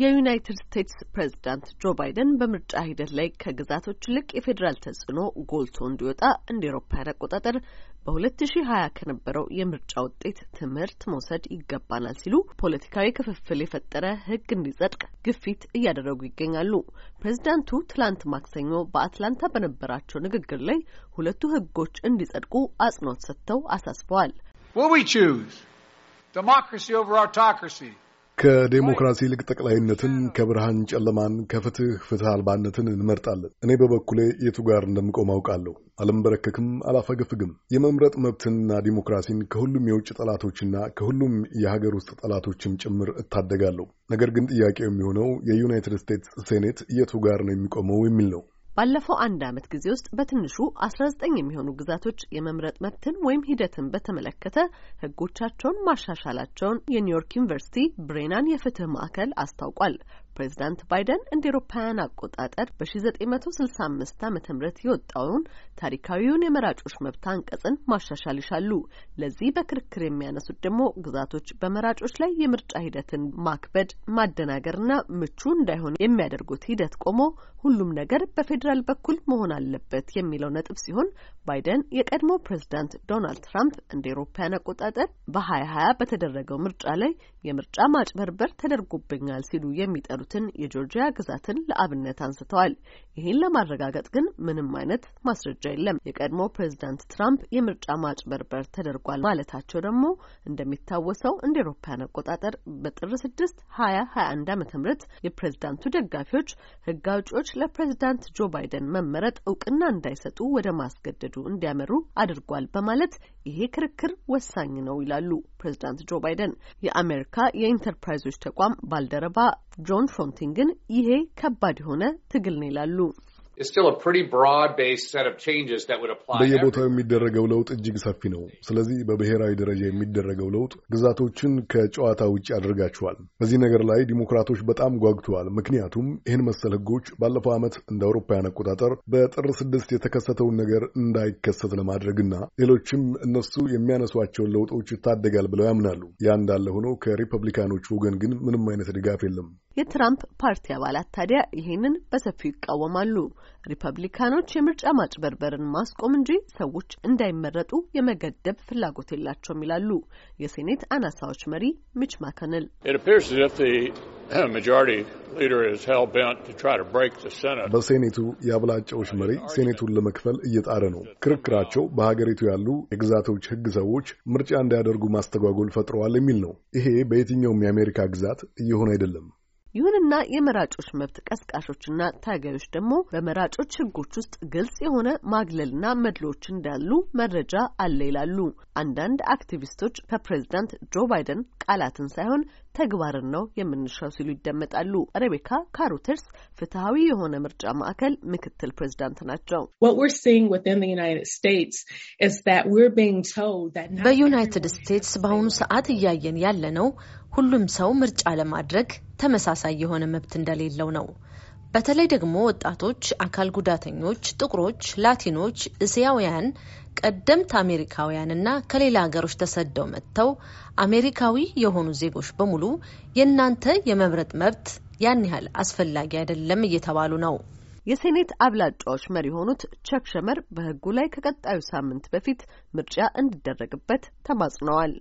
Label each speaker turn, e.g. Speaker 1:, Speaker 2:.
Speaker 1: የዩናይትድ ስቴትስ ፕሬዝዳንት ጆ ባይደን በምርጫ ሂደት ላይ ከግዛቶች ይልቅ የፌዴራል ተጽዕኖ ጎልቶ እንዲወጣ እንደ ኤሮፓያን አቆጣጠር በ2020 ከነበረው የምርጫ ውጤት ትምህርት መውሰድ ይገባናል ሲሉ ፖለቲካዊ ክፍፍል የፈጠረ ሕግ እንዲጸድቅ ግፊት እያደረጉ ይገኛሉ። ፕሬዝዳንቱ ትላንት ማክሰኞ በአትላንታ በነበራቸው ንግግር ላይ ሁለቱ ሕጎች እንዲጸድቁ አጽንኦት ሰጥተው አሳስበዋል።
Speaker 2: ከዴሞክራሲ ይልቅ ጠቅላይነትን፣ ከብርሃን ጨለማን፣ ከፍትህ ፍትህ አልባነትን እንመርጣለን። እኔ በበኩሌ የቱ ጋር እንደምቆም አውቃለሁ። አልንበረከክም፣ አላፈገፍግም። የመምረጥ መብትንና ዲሞክራሲን ከሁሉም የውጭ ጠላቶችና ከሁሉም የሀገር ውስጥ ጠላቶችም ጭምር እታደጋለሁ። ነገር ግን ጥያቄው የሚሆነው የዩናይትድ ስቴትስ ሴኔት የቱ ጋር ነው የሚቆመው የሚል ነው።
Speaker 1: ባለፈው አንድ ዓመት ጊዜ ውስጥ በትንሹ አስራ ዘጠኝ የሚሆኑ ግዛቶች የመምረጥ መብትን ወይም ሂደትን በተመለከተ ህጎቻቸውን ማሻሻላቸውን የኒውዮርክ ዩኒቨርሲቲ ብሬናን የፍትህ ማዕከል አስታውቋል። ፕሬዚዳንት ባይደን እንደ ኤሮፓውያን አቆጣጠር በ1965 ዓ ም የወጣውን ታሪካዊውን የመራጮች መብት አንቀጽን ማሻሻል ይሻሉ። ለዚህ በክርክር የሚያነሱት ደግሞ ግዛቶች በመራጮች ላይ የምርጫ ሂደትን ማክበድ፣ ማደናገርና ምቹ እንዳይሆን የሚያደርጉት ሂደት ቆሞ ሁሉም ነገር በፌዴራል በኩል መሆን አለበት የሚለው ነጥብ ሲሆን ባይደን የቀድሞ ፕሬዚዳንት ዶናልድ ትራምፕ እንደ ኤሮፓውያን አቆጣጠር በ2020 በተደረገው ምርጫ ላይ የምርጫ ማጭበርበር ተደርጎብኛል ሲሉ የሚጠሩትን የጆርጂያ ግዛትን ለአብነት አንስተዋል። ይህን ለማረጋገጥ ግን ምንም አይነት ማስረጃ የለም። የቀድሞ ፕሬዚዳንት ትራምፕ የምርጫ ማጭበርበር ተደርጓል ማለታቸው ደግሞ እንደሚታወሰው እንደ ኤሮፓያን አቆጣጠር በጥር ስድስት ሀያ ሀያ አንድ አመተ ምህረት የፕሬዚዳንቱ ደጋፊዎች ህግ አውጪዎች ለፕሬዚዳንት ጆ ባይደን መመረጥ እውቅና እንዳይሰጡ ወደ ማስገደዱ እንዲያመሩ አድርጓል በማለት ይሄ ክርክር ወሳኝ ነው ይላሉ። ፕሬዚዳንት ጆ ባይደን የአሜሪካ የኢንተርፕራይዞች ተቋም ባልደረባ ጆን ሾንቲንግን ይሄ ከባድ የሆነ ትግል ነው ይላሉ። በየቦታው
Speaker 2: የሚደረገው ለውጥ እጅግ ሰፊ ነው። ስለዚህ በብሔራዊ ደረጃ የሚደረገው ለውጥ ግዛቶችን ከጨዋታ ውጭ አድርጋቸዋል። በዚህ ነገር ላይ ዲሞክራቶች በጣም ጓግተዋል። ምክንያቱም ይህን መሰል ህጎች ባለፈው ዓመት እንደ አውሮፓውያን አቆጣጠር በጥር ስድስት የተከሰተውን ነገር እንዳይከሰት ለማድረግና ሌሎችም እነሱ የሚያነሷቸውን ለውጦች ይታደጋል ብለው ያምናሉ። ያ እንዳለ ሆኖ ከሪፐብሊካኖች ወገን ግን ምንም አይነት ድጋፍ የለም።
Speaker 1: የትራምፕ ፓርቲ አባላት ታዲያ ይህንን በሰፊው ይቃወማሉ። ሪፐብሊካኖች የምርጫ ማጭበርበርን ማስቆም እንጂ ሰዎች እንዳይመረጡ የመገደብ ፍላጎት የላቸውም ይላሉ የሴኔት አናሳዎች መሪ ሚች ማከንል።
Speaker 2: በሴኔቱ የአብላጫዎች መሪ ሴኔቱን ለመክፈል እየጣረ ነው። ክርክራቸው በሀገሪቱ ያሉ የግዛቶች ሕግ ሰዎች ምርጫ እንዳያደርጉ ማስተጓጎል ፈጥረዋል የሚል ነው። ይሄ በየትኛውም የአሜሪካ ግዛት እየሆነ አይደለም።
Speaker 1: ይሁንና የመራጮች መብት ቀስቃሾችና ታጋዮች ደግሞ በመራጮች ህጎች ውስጥ ግልጽ የሆነ ማግለልና መድሎዎች እንዳሉ መረጃ አለ ይላሉ። አንዳንድ አክቲቪስቶች ከፕሬዚዳንት ጆ ባይደን ቃላትን ሳይሆን ተግባርን ነው የምንሻው ሲሉ ይደመጣሉ። ሬቤካ ካሩተርስ ፍትሐዊ የሆነ ምርጫ ማዕከል ምክትል ፕሬዚዳንት ናቸው። በዩናይትድ ስቴትስ በአሁኑ ሰዓት እያየን ያለ ነው ሁሉም ሰው ምርጫ ለማድረግ ተመሳሳይ የሆነ መብት እንደሌለው ነው። በተለይ ደግሞ ወጣቶች፣ አካል ጉዳተኞች፣ ጥቁሮች፣ ላቲኖች፣ እስያውያን፣ ቀደምት አሜሪካውያንና ከሌላ ሀገሮች ተሰደው መጥተው አሜሪካዊ የሆኑ ዜጎች በሙሉ የእናንተ የመምረጥ መብት ያን ያህል አስፈላጊ አይደለም እየተባሉ ነው። የሴኔት አብላጫዎች መሪ የሆኑት ቸክ ሸመር በህጉ ላይ ከቀጣዩ ሳምንት በፊት ምርጫ እንዲደረግበት ተማጽነዋል።